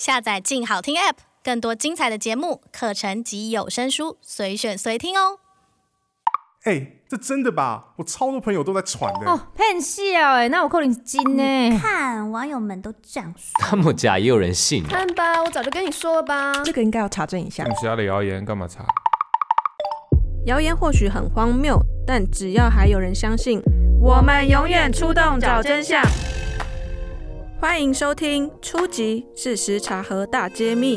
下載“鏡好聽 ”App，更多精彩的節目、課程及有聲書，隨選隨聽哦。哎、欸，這真的吧？我超多朋友都在傳的。哦，騙笑哎，那我扣你金呢？看網友們都這樣說，那麼假也有人信？看吧，我早就跟你說了吧。這個應該要查證一下。其他的謠言幹嘛查？謠言或許很荒謬，但只要還有人相信，我們永遠出動找真相。歡迎收聽《出擊！事實查核大揭密》。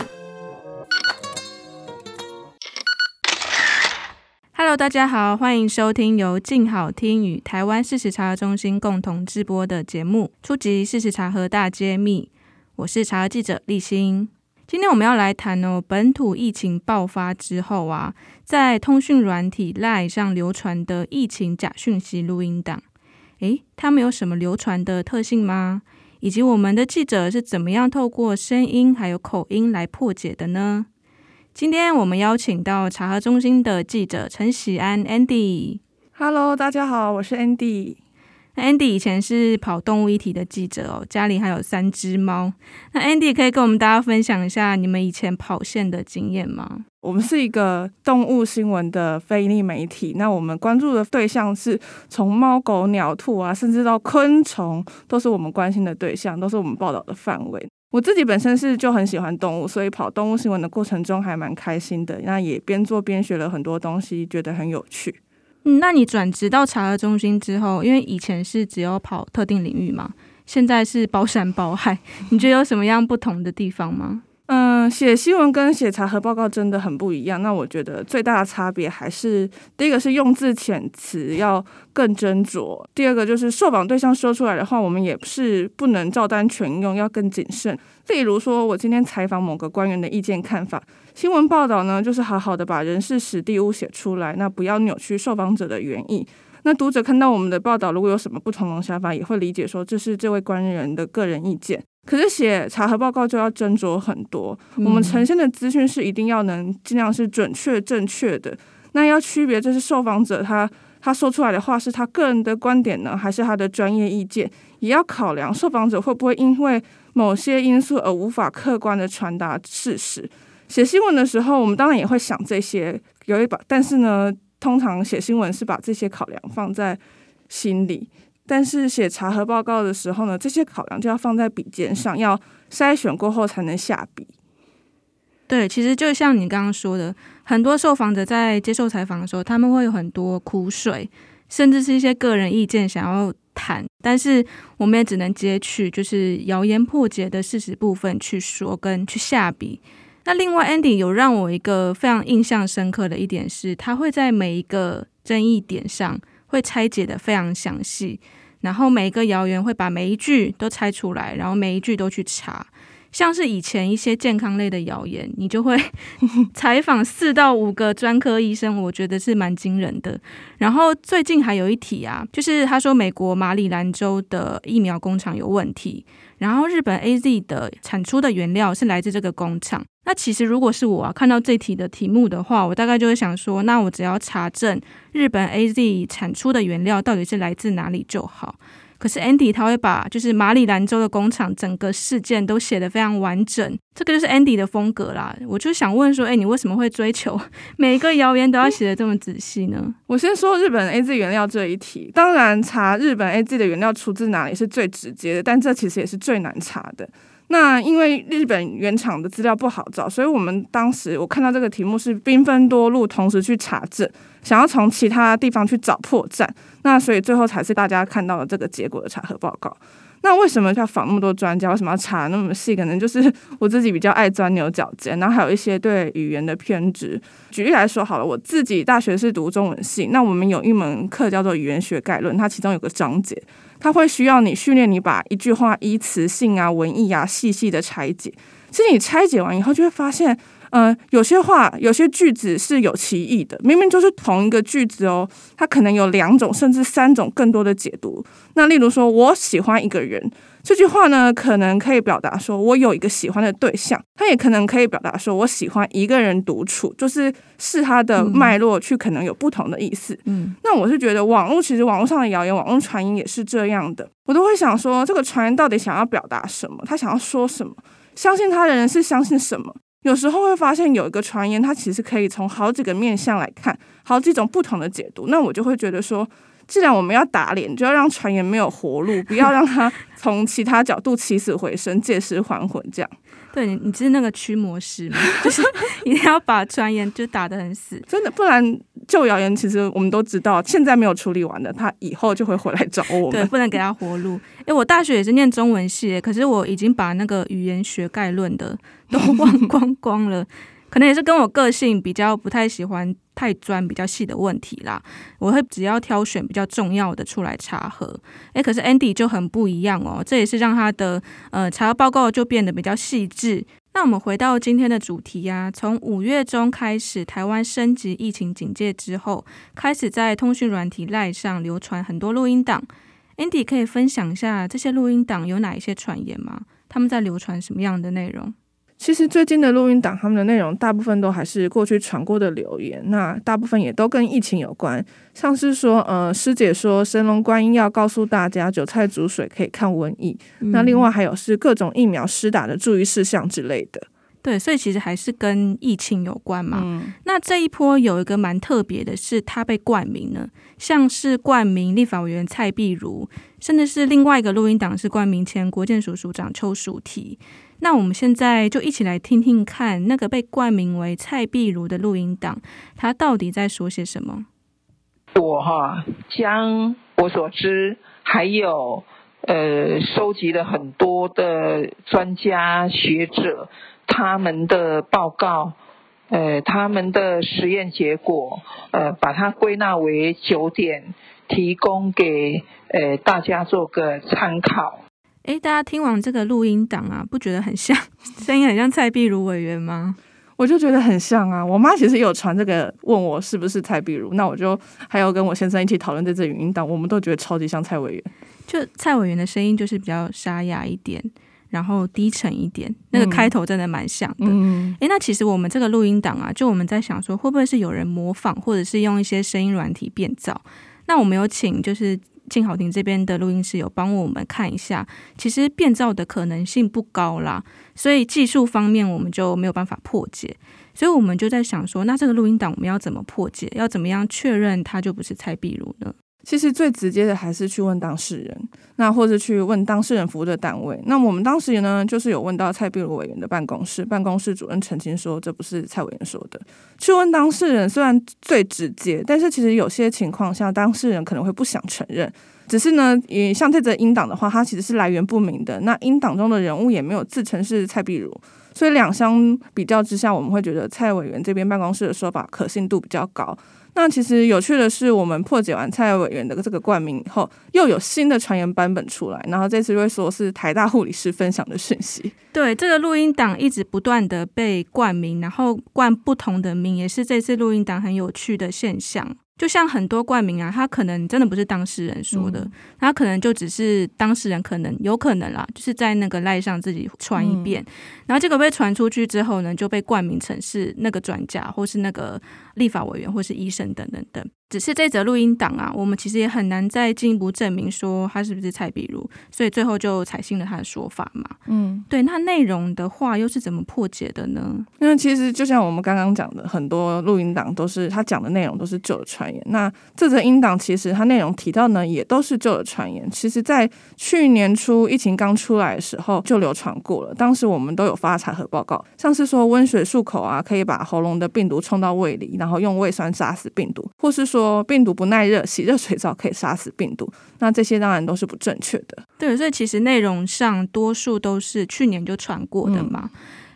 Hello，大家好，歡迎收聽由鏡好聽與台灣事實查核中心共同製播的節目《出擊！事實查核大揭密》。我是查核記者立新。今天我們要來談哦，本土疫情爆發之後啊，在通訊軟體 LINE 上流傳的疫情假訊息錄音檔，哎，它們有什麼流傳的特性嗎？以及我們的記者是怎麼樣透過聲音還有口音來破解的呢？今天我們邀請到查核中心的記者陳喜安 Andy。Hello，大家好，我是 Andy。Andy 以前是跑動物議題的記者哦，家裡還有三隻貓。那 Andy 可以跟我們大家分享一下你們以前跑線的經驗嗎？我們是一個動物新聞的非營利媒體，那我們關注的對象是從貓狗鳥兔啊，甚至到昆蟲，都是我們關心的對象，都是我們報道的範圍。我自己本身是就很喜歡動物，所以跑動物新聞的過程中還蠻開心的。那也邊做邊學了很多東西，覺得很有趣。嗯，那你轉職到查核中心之後，因為以前是只有跑特定領域嘛，現在是包山包海，你覺得有什麼樣不同的地方嗎？寫新聞跟寫查核報告真的很不一樣。那我覺得最大的差別還是第一個是用字遣詞要更斟酌，第二個就是受訪對象說出來的話，我們也是不能照單全用，要更謹慎。例如說，我今天採訪某個官員的意見看法，新聞報道呢就是好好的把人事時地物寫出來，那不要扭曲受訪者的原意。那讀者看到我們的報道，如果有什麼不同想法，也會理解說這是這位官員的個人意見。可是寫查核報告就要斟酌很多，嗯、我們呈現的資訊是一定要能盡量是準確正確的。那要區別就是受訪者他他說出來的話是他個人的觀點呢，還是他的專業意見？也要考量受訪者會不會因為某些因素而無法客觀的傳達事實。寫新聞的時候，我們當然也會想這些，有一把，但是呢，通常寫新聞是把這些考量放在心裡。但是寫查核報告的時候呢，這些考量就要放在筆尖上，要篩選過後才能下筆。對，其實就像你剛剛說的，很多受訪者在接受採訪的時候，他們會有很多苦水，甚至是一些個人意見想要談，但是我們也只能截取就是謠言破解的事實部分去說跟去下筆。那另外 Andy 有讓我一個非常印象深刻的一點是，他會在每一個爭議點上，會拆解得非常詳細，然後每一個謠言會把每一句都拆出來，然後每一句都去查。像是以前一些健康類的謠言，你就會 採訪四到五個專科醫生，我覺得是蠻驚人的。然後最近還有一題啊，就是他說美國馬里蘭州的疫苗工廠有問題。然後日本 AZ 的產出的原料是來自這個工廠。那其實如果是我啊，看到這題的題目的話，我大概就會想說，那我只要查證日本 AZ 產出的原料到底是來自哪裡就好。可是 Andy 他會把就是馬里蘭州的工廠整個事件都寫得非常完整，這個就是 Andy 的風格啦。我就想問說，哎、欸，你為什麼會追求每一個謠言都要寫得這麼仔細呢？ 我先說日本 AZ 原料這一題，當然查日本 AZ 的原料出自哪裡是最直接的，但這其實也是最難查的。那因為日本原廠的資料不好找，所以我們當時我看到這個題目是兵分多路，同時去查證，想要從其他地方去找破綻。那所以最後才是大家看到了這個結果的查核報告。那為什麼要訪那麼多專家？為什麼要查那麼細？可能就是我自己比較愛鑽牛角尖，然後還有一些對語言的偏執。舉例來說，好了，我自己大學是讀中文系，那我們有一門課叫做語言學概論，它其中有個章節。他會需要你訓練你把一句話依詞性啊、文意啊細細的拆解，其實你拆解完以後就會發現。呃，有些話，有些句子是有歧義的。明明就是同一個句子哦，它可能有兩種，甚至三種更多的解讀。那例如說“我喜歡一個人”這句話呢，可能可以表達說我有一個喜歡的對象，它也可能可以表達說我喜歡一個人獨處，就是視他的脈絡去可能有不同的意思。嗯，那我是覺得網絡其實網絡上的謠言、網絡傳言也是這樣的，我都會想說這個傳言到底想要表達什麼？他想要說什麼？相信他的人是相信什麼？有時候會發現有一個傳言，它其實可以從好幾個面向來看，好幾種不同的解讀。那我就會覺得說，既然我們要打臉，就要讓傳言沒有活路，不要讓它從其他角度起死回生、借屍還魂，這樣。對，你是那個驅魔師嗎？就是 一定要把傳言就打得很死，真的，不然舊謠言其實我們都知道，現在沒有處理完的，他以後就會回來找我們，對，不能給他活路。為、欸、我大學也是念中文系，可是我已經把那個語言學概論的都忘光光了， 可能也是跟我個性比較不太喜歡。太專比較細的問題啦，我會只要挑選比較重要的出來查核。哎、欸，可是 Andy 就很不一樣哦，這也是讓他的呃查核報告就變得比較細緻。那我們回到今天的主題呀、啊，從五月中開始，台灣升級疫情警戒之後，開始在通訊軟體 Line 上流傳很多錄音檔。Andy 可以分享一下這些錄音檔有哪一些傳言嗎？他們在流傳什麼樣的內容？其實最近的錄音檔，他們的內容大部分都還是過去傳過的留言，那大部分也都跟疫情有關，像是說，呃，師姐說，神龍觀音要告訴大家，韭菜煮水可以抗瘟疫，嗯、那另外還有是各種疫苗施打的注意事項之類的。對，所以其實還是跟疫情有關嘛。嗯、那這一波有一個蠻特別的是，他被冠名呢，像是冠名立法委員蔡壁如，甚至是另外一個錄音檔是冠名前國健署署長邱淑媞。那我們現在就一起來聽聽看那個被冠名為蔡壁如的錄音檔，他到底在說些什麼？我哈、啊、將我所知，還有呃收集了很多的專家學者他們的報告，呃他們的實驗結果，呃把它歸納為九點，提供給呃大家做個參考。誒，大家聽完這個錄音檔啊，不覺得很像，聲音很像蔡壁如委員嗎？我就覺得很像啊。我媽其實有傳這個問我是不是蔡壁如，那我就還要跟我先生一起討論這支語音檔，我們都覺得超級像蔡委員。就蔡委員的聲音就是比較沙啞一點，然後低沉一點，那個開頭真的蠻像的。嗯、誒，那其實我們這個錄音檔啊，就我們在想說，會不會是有人模仿，或者是用一些聲音軟體變造？那我們有請就是。幸好您這邊的錄音室有幫我們看一下，其實變造的可能性不高啦，所以技術方面我們就沒有辦法破解。所以我們就在想說，那這個錄音檔我們要怎麼破解？要怎麼樣確認它就不是蔡碧如呢？其實最直接的還是去問當事人，那或者去問當事人服務的單位。那我們當時呢，就是有問到蔡壁如委員的辦公室，辦公室主任澄清說這不是蔡委員說的。去問當事人雖然最直接，但是其實有些情況下當事人可能會不想承認。只是呢，也像這則音檔的話，它其實是來源不明的。那音檔中的人物也沒有自稱是蔡壁如，所以兩相比較之下，我們會覺得蔡委員這邊辦公室的說法可信度比較高。那其實有趣的是，我們破解完蔡委員的這個冠名以後，又有新的傳言版本出來。然後這次就會說是台大護理師分享的訊息。對，這個錄音檔一直不斷的被冠名，然後冠不同的名，也是這次錄音檔很有趣的現象。就像很多冠名啊，他可能真的不是當事人說的，嗯、他可能就只是當事人可能有可能啦，就是在那個賴上自己傳一遍，嗯、然後結果被傳出去之後呢，就被冠名成是那個專家或是那個。立法委員或是醫生等等等，只是這則錄音檔啊，我們其實也很難再進一步證明說他是不是蔡壁如，所以最後就採信了他的說法嘛。嗯，對。那內容的話又是怎麼破解的呢？那其實就像我們剛剛講的，很多錄音檔都是他講的內容都是舊的傳言。那這則音檔其實它內容提到呢，也都是舊的傳言。其實，在去年初疫情剛出來的時候就流傳過了，當時我們都有發查核報告，像是說溫水漱口啊，可以把喉嚨的病毒衝到胃裡。然後用胃酸殺死病毒，或是說病毒不耐熱，洗熱水澡可以殺死病毒，那這些當然都是不正確的。對，所以其實內容上多數都是去年就傳過的嘛。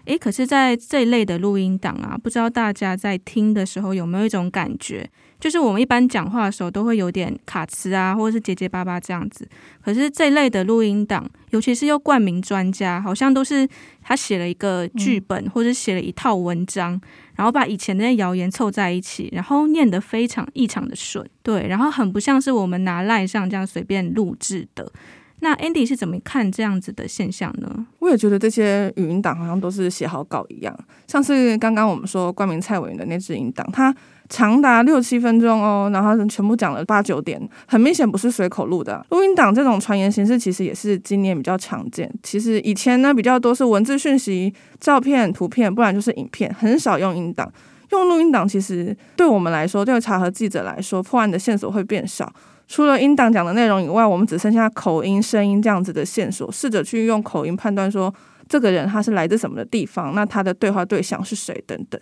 嗯。誒，可是在這一類的錄音檔啊，不知道大家在聽的時候有沒有一種感覺？就是我們一般講話的時候都會有點卡詞啊，或者是結結巴巴這樣子。可是這類的錄音檔，尤其是又冠名專家，好像都是他寫了一個劇本，嗯、或者寫了一套文章，然後把以前那些謠言湊在一起，然後念得非常異常的順。對，然後很不像是我們拿 LINE 上這樣隨便錄製的。那 Andy 是怎麼看這樣子的現象呢？我也覺得這些語音檔好像都是寫好稿一樣，像是剛剛我們說冠名蔡委員的那支音檔，他。長達六七分鐘哦，然後全部講了八九點，很明顯不是隨口錄的啊。錄音檔這種傳言形式其實也是今年比較常見。其實以前呢比較多是文字訊息、照片、圖片，不然就是影片，很少用音檔。用錄音檔其實對我們來說，對查核記者來說，破案的線索會變少。除了音檔講的內容以外，我們只剩下口音、聲音這樣子的線索，試着去用口音判斷說這個人他是來自什麼的地方，那他的對話對象是誰等等。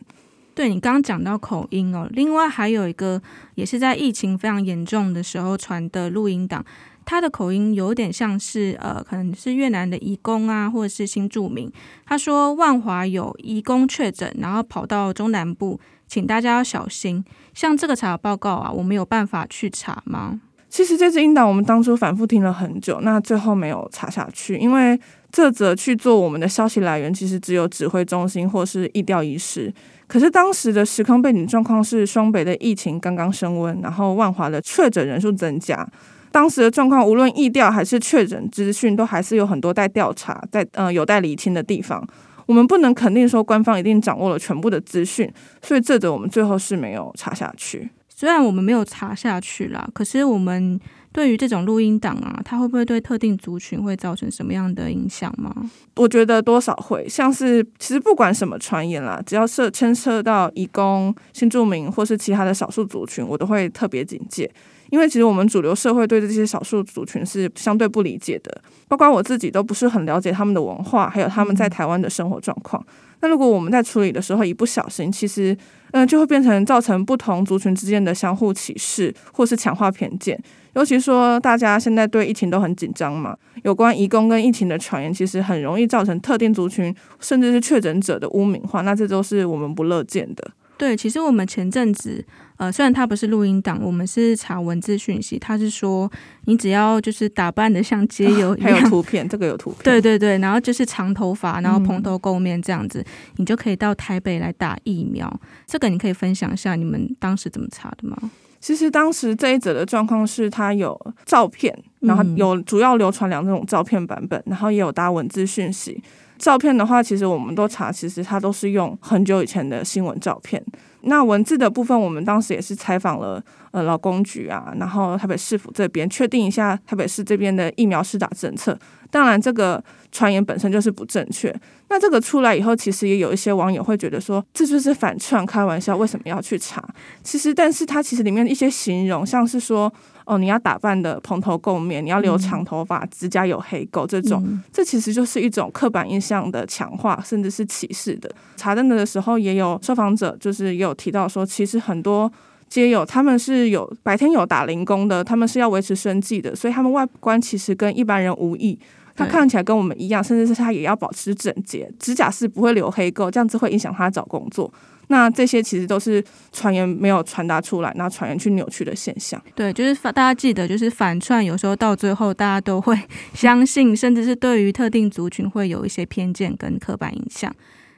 對你剛剛講到口音哦，另外還有一個也是在疫情非常嚴重的時候傳的錄音檔，他的口音有點像是呃，可能是越南的移工啊，或者是新住民。他說萬華有移工確診，然後跑到中南部，請大家要小心。像這個查報告啊，我們有辦法去查嗎？其實這支音檔我們當初反復聽了很久，那最後沒有查下去，因為這則去做我們的消息來源，其實只有指揮中心或是疫調儀式。可是當時的時空背景狀況是，雙北的疫情剛剛升溫，然後萬華的確診人數增加。當時的狀況，無論疫調還是確診資訊，都還是有很多待調查、在、嗯、呃、有待理清的地方。我們不能肯定說官方一定掌握了全部的資訊，所以這個我們最後是沒有查下去。雖然我們沒有查下去啦，可是我們。對於這種錄音檔啊，它會不會對特定族群會造成什麼樣的影響嗎？我覺得多少會，像是其實不管什麼傳言啦，只要涉牽涉到移工、新住民或是其他的少數族群，我都會特別警戒，因為其實我們主流社會對這些少數族群是相對不理解的，包括我自己都不是很了解他們的文化，還有他們在台灣的生活狀況。嗯那如果我們在處理的時候一不小心，其實嗯、呃，就會變成造成不同族群之間的相互歧視，或是強化偏見。尤其說大家現在對疫情都很緊張嘛，有關移工跟疫情的傳言，其實很容易造成特定族群甚至是確診者的汙名化。那這都是我們不樂見的。對，其實我們前陣子。呃，雖然他不是錄音檔，我們是查文字訊息。他是說，你只要就是打扮得像街友一樣、哦，還有圖片，這個有圖片，對對對，然後就是長頭髮，然後蓬頭垢面這樣子，嗯、你就可以到台北來打疫苗。這個你可以分享一下你們當時怎麼查的嗎？其實當時這一則的狀況是，他有照片，然後有主要流傳兩種照片版本，然後也有搭文字訊息。照片的話，其實我們都查，其實它都是用很久以前的新聞照片。那文字的部分，我們當時也是採訪了呃勞工局啊，然後台北市府這邊確定一下台北市這邊的疫苗施打政策。當然，這個傳言本身就是不正確。那這個出來以後，其實也有一些網友會覺得說，這就是反串開玩笑，為什麼要去查？其實，但是它其實裡面的一些形容，像是說。哦，你要打扮的蓬頭垢面，你要留長頭髮，嗯、指甲有黑垢，這種，嗯、這其實就是一種刻板印象的強化，甚至是歧視的。查證的時候，也有受訪者就是也有提到說，其實很多街友他們是有白天有打零工的，他們是要維持生計的，所以他們外觀其實跟一般人無異。他看起來跟我們一樣，甚至是他也要保持整潔，指甲是不會留黑垢，這樣子會影響他找工作。那這些其實都是傳言沒有傳達出來，然後傳言去扭曲的現象。對，就是大家記得，就是反串有時候到最後大家都會相信，甚至是對於特定族群會有一些偏見跟刻板印象。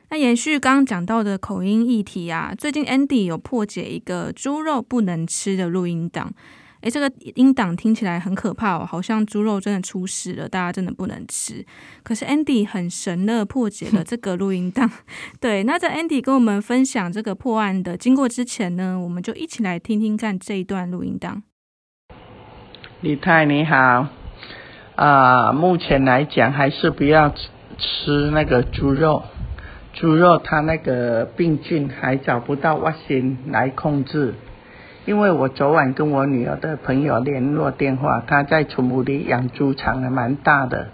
那延續剛剛講到的口音議題啊，最近 Andy 有破解一個豬肉不能吃的錄音檔。哎，這個音檔聽起來很可怕哦，好像豬肉真的出事了，大家真的不能吃。可是 Andy 很神的破解了這個錄音檔。 對，那在 Andy 跟我們分享這個破案的經過之前呢，我們就一起來聽聽看這一段錄音檔。李太你好。啊、呃，目前來講還是不要吃那個豬肉，豬肉它那個病菌還找不到外星來控制。因為我昨晚跟我女兒的朋友聯絡電話，他在寵物裡養豬場還蠻大的，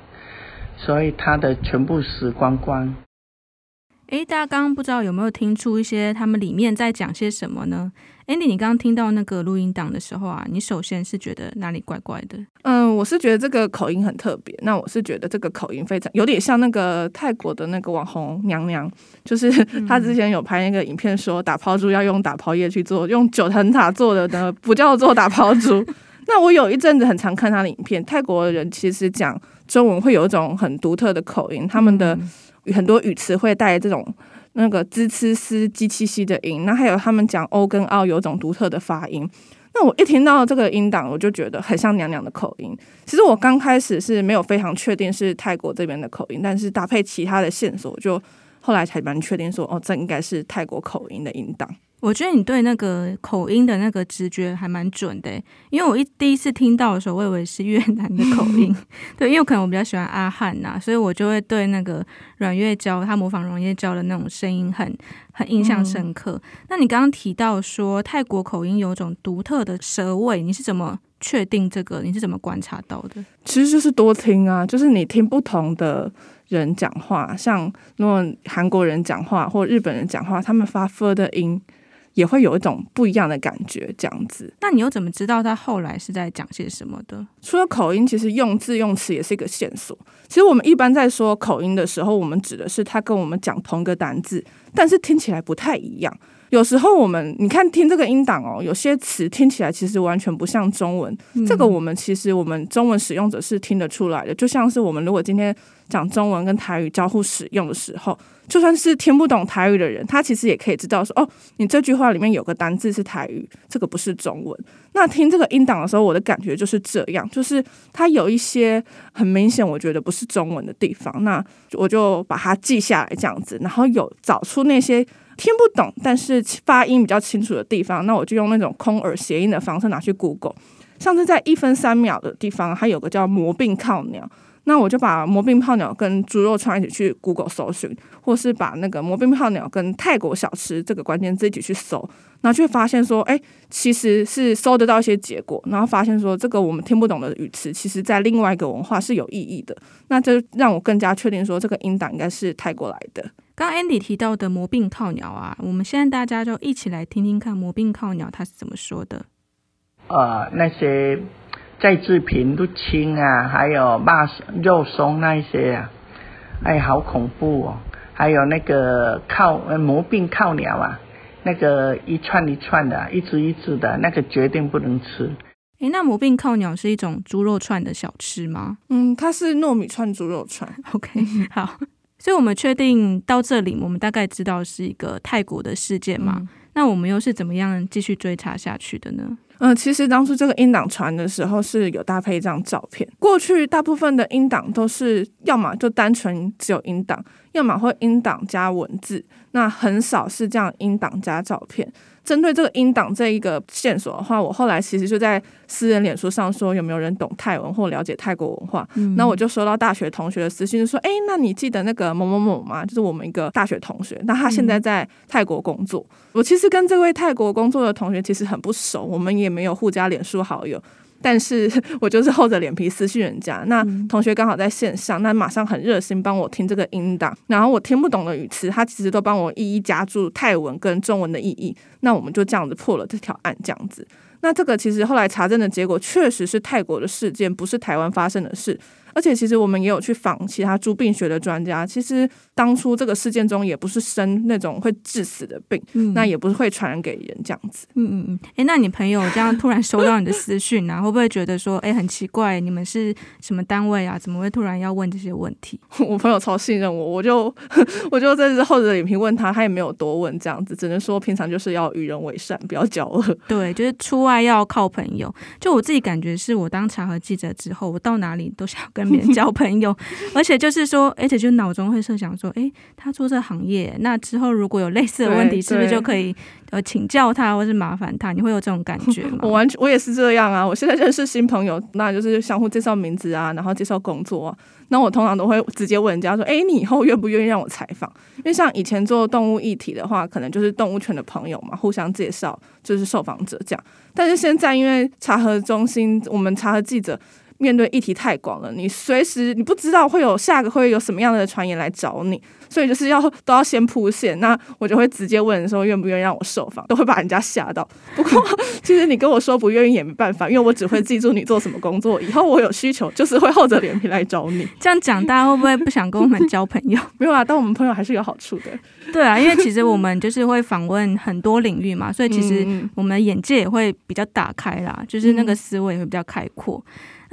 所以他的全部死光光。誒，大家剛剛不知道有沒有聽出一些他們裡面在講些什麼呢？Andy，你剛剛聽到那個錄音檔的時候啊，你首先是覺得哪裡怪怪的？嗯，我是覺得這個口音很特別。那我是覺得這個口音非常有點像那個泰國的那個網紅娘娘，就是她之前有拍那個影片說打拋豬要用打拋葉去做，用九層塔做的呢不叫做打拋豬。 那我有一陣子很常看她的影片，泰國人其實講中文會有一種很獨特的口音，他、嗯、們的。很多語詞會帶這種那個滋呲咝、嘰嘰嘰的音，那還有他們講歐跟澳有一種獨特的發音。那我一聽到這個音檔，我就覺得很像娘娘的口音。其實我剛開始是沒有非常確定是泰國這邊的口音，但是搭配其他的線索，就後來才蠻確定說，哦，這應該是泰國口音的音檔。我覺得你對那個口音的那個直覺還蠻準的，欸，因為我一第一次聽到的時候，我以為是越南的口音。 對，因為我可能我比較喜歡阿翰吶，所以我就會對那個阮月嬌他模仿阮月嬌的那種聲音很很印象深刻。嗯、那你剛剛提到說泰國口音有種獨特的舌位，你是怎麼確定這個？你是怎麼觀察到的？其實就是多聽啊，就是你聽不同的人講話，像若韓國人講話或日本人講話，他們發 f u r 的音。也會有一種不一樣的感覺，這樣子。那你又怎麼知道他後來是在講些什麼的？除了口音，其實用字用詞也是一個線索。其實我們一般在說口音的時候，我們指的是他跟我們講同一個單字，但是聽起來不太一樣。有時候我們你看聽這個音檔哦，有些詞聽起來其實完全不像中文。嗯。這個我們其實我們中文使用者是聽得出來的。就像是我們如果今天。講中文跟台語交互使用的時候，就算是聽不懂台語的人，他其實也可以知道說，哦，你這句話裡面有個單字是台語，這個不是中文。那聽這個音檔的時候，我的感覺就是這樣，就是它有一些很明顯我覺得不是中文的地方，那我就把它記下來這樣子，然後有找出那些聽不懂但是發音比較清楚的地方，那我就用那種空耳諧音的方式拿去 Google。上次在一分三秒的地方，它有個叫“魔病靠鳥”。那我就把“魔病泡鳥”跟“豬肉串”一起去 Google 搜尋，或是把那個“魔病泡鳥”跟泰國小吃這個關鍵字一起去搜，然後就發現說，哎，其實是搜得到一些結果，然後發現說，這個我們聽不懂的語詞，其實在另外一個文化是有意義的，那這讓我更加確定說，這個音檔應該是泰國來的。剛剛 Andy 提到的“魔病泡鳥”啊，我們現在大家就一起來聽聽看“魔病泡鳥”他是怎麼說的。呃，那些。再製品都青啊，還有罵肉，肉鬆那一些啊，哎，好恐怖哦！還有那個靠呃魔病靠鳥啊，那個一串一串的，一枝一枝的，那個絕對不能吃。哎，那魔病靠鳥是一種豬肉串的小吃嗎？嗯，它是糯米串豬肉串。OK，好，所以我們確定到這裡，我們大概知道是一個泰國的事件嘛？嗯，那我們又是怎麼樣繼續追查下去的呢？嗯、呃，其實當初這個音檔傳的時候是有搭配一張照片。過去大部分的音檔都是要麼就單純只有音檔，要麼會音檔加文字，那很少是這樣音檔加照片。針對這個音檔這一個線索的話，我後來其實就在私人臉書上說，有沒有人懂泰文或了解泰國文化？嗯、那我就收到大學同學的私信，就說：“哎，那你記得那個某某某嗎？就是我們一個大學同學，那他現在在泰國工作。嗯”我其實跟這位泰國工作的同學其實很不熟，我們也沒有互加臉書好友。但是我就是厚着臉皮私訊人家，那同學剛好在線上，那馬上很熱心幫我聽這個音檔，然後我聽不懂的語詞，他其實都幫我一一加注泰文跟中文的意義，那我們就這樣子破了這條案，這樣子，那這個其實後來查證的結果，確實是泰國的事件，不是台灣發生的事。而且其實我們也有去訪其他豬病學的專家。其實當初這個事件中也不是生那種會致死的病，嗯、那也不是會傳染給人這樣子。嗯嗯嗯。哎、欸，那你朋友這樣突然收到你的私訊啊， 會不會覺得說，哎、欸，很奇怪？你們是什麼單位啊？怎麼會突然要問這些問題？我朋友超信任我，我就我就在這厚著臉皮問他，他也沒有多問這樣子，只能說平常就是要與人為善，不要交惡。對，就是出外要靠朋友。就我自己感覺，是我當查核記者之後，我到哪裡都想要跟。交朋友， 而且就是說，而且就腦中會設想說，欸，他做這行業，那之後如果有類似的問題，是不是就可以呃請教他，或是麻煩他？你會有這種感覺嗎？我完全，我也是這樣啊。我現在認識新朋友，那就是相互介紹名字啊，然後介紹工作啊。那我通常都會直接問人家說，欸，你以後願不願意讓我採訪？因為像以前做動物議題的話，可能就是動物圈的朋友嘛，互相介紹，就是受訪者這樣。但是現在，因為查核中心，我們查核記者面對議題太廣了，你隨時你不知道會有下個會有什麼樣的傳言來找你，所以就是要都要先鋪線。那我就會直接問人說願不願意讓我受訪，都會把人家嚇到。不過其實你跟我說不願意也沒辦法，因為我只會記住你做什麼工作，以後我有需求就是會厚着臉皮來找你。這樣講大家會不會不想跟我們交朋友？ 沒有啊，當我們朋友還是有好處的。對啊，因為其實我們就是會訪問很多領域嘛，所以其實我們眼界也會比較打開啦，就是那個思維會比較開闊。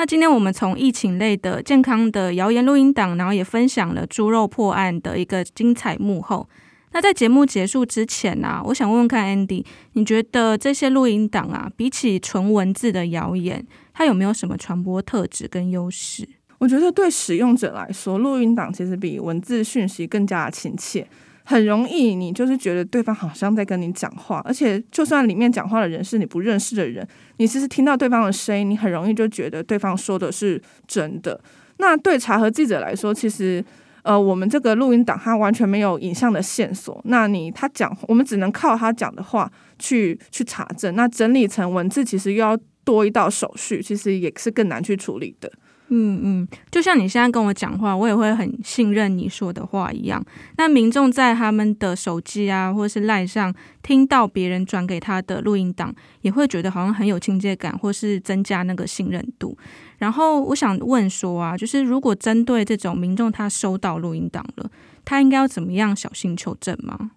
那今天我們從疫情類的健康的謠言錄音檔，然後也分享了豬肉破案的一個精彩幕後。那在節目結束之前啊，我想問問看 Andy，你覺得這些錄音檔啊，比起純文字的謠言，它有沒有什麼傳播特質跟優勢？我覺得對使用者來說，錄音檔其實比文字訊息更加親切。很容易，你就是覺得對方好像在跟你講話，而且就算裡面講話的人是你不認識的人，你其實聽到對方的聲音，你很容易就覺得對方說的是真的。那對查核記者來說，其實呃，我們這個錄音檔它完全沒有影像的線索，那你他講，我們只能靠他講的話去去查證，那整理成文字其實又要多一道手續，其實也是更難去處理的。嗯嗯，就像你現在跟我講話，我也會很信任你說的話一樣。那民眾在他們的手機啊，或是賴上聽到別人轉給他的錄音檔，也會覺得好像很有親切感，或是增加那個信任度。然後我想問說啊，就是如果針對這種民眾他收到錄音檔了，他應該要怎麼樣小心求證嗎？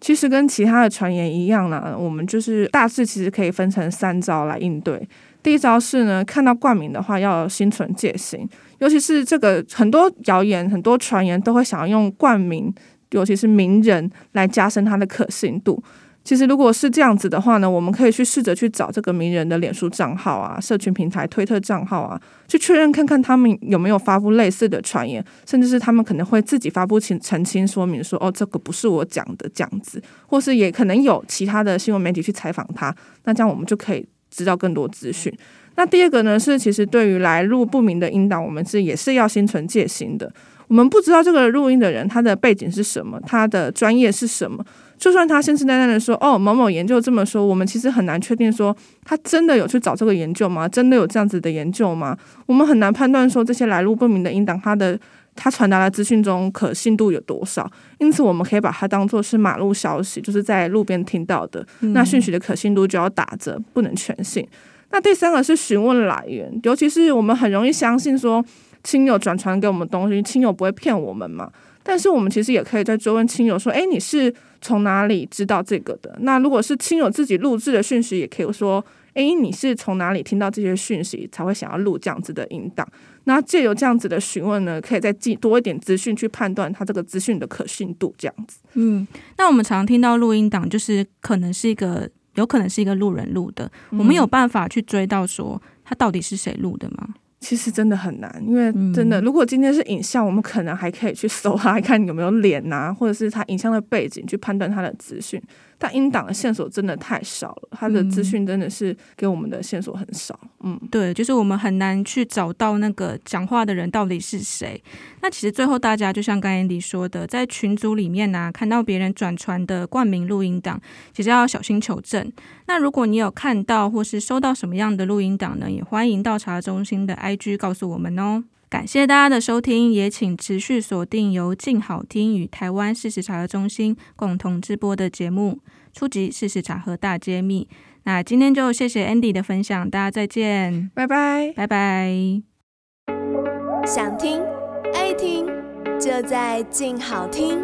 其實跟其他的傳言一樣啦，我們就是大致其實可以分成三招來應對。第一招是呢，看到冠名的話要心存戒心，尤其是這個很多謠言、很多傳言都會想要用冠名，尤其是名人來加深他的可信度。其實如果是這樣子的話呢，我們可以去試着去找這個名人的臉書賬號啊、社群平台、推特賬號啊，去確認看看他們有沒有發布類似的傳言，甚至是他們可能會自己發布澄清說明說：“哦，這個不是我講的。”這樣子，或是也可能有其他的新聞媒體去採訪他，那這樣我們就可以。知道更多資訊。那第二個呢，是其實對於來路不明的音檔，我們是也是要心存戒心的。我們不知道這個錄音的人他的背景是什麼，他的專業是什麼。就算他信誓旦旦的說，哦，某某研究這麼說，我們其實很難確定說他真的有去找這個研究嗎？真的有這樣子的研究嗎？我們很難判斷說這些來路不明的音檔，他的。它傳達的資訊中可信度有多少？因此我們可以把它當作是馬路消息，就是在路邊聽到的。那訊息的可信度就要打折，不能全信。那第三個是詢問來源，尤其是我們很容易相信說親友轉傳給我們東西，親友不會騙我們嘛。但是我們其實也可以再追問親友說：“欸，你是從哪裡知道這個的？”那如果是親友自己錄制的訊息，也可以說。誒、欸，你是從哪裡聽到這些訊息才會想要錄這樣子的音檔？那借由這樣子的詢問呢，可以再記多一點資訊去判斷它這個資訊的可信度，這樣子。嗯，那我們常聽到錄音檔，就是可能是一個，有可能是一個路人錄的。嗯、我們有辦法去追到說他到底是誰錄的嗎？其實真的很難，因為真的，嗯、如果今天是影像，我們可能還可以去搜他，看你有沒有臉啊，或者是他影像的背景，去判斷他的資訊。但音檔的線索真的太少了，他的資訊真的是給我們的線索很少。嗯，嗯對，就是我們很難去找到那個講話的人到底是誰。那其實最後大家就像剛才 Andy 說的，在群組裡面呢、啊，看到別人轉傳的冠名錄音檔，其實要小心求證。那如果你有看到或是收到什麼樣的錄音檔呢，也歡迎到查中心的 IG 告訴我們哦。感謝大家的收聽，也請持續鎖定由靜好聽與台灣事實查核中心共同直播的節目《出擊！事實查核大揭密》。那今天就謝謝 Andy 的分享，大家再見，拜拜，拜拜。想聽愛聽，就在靜好聽。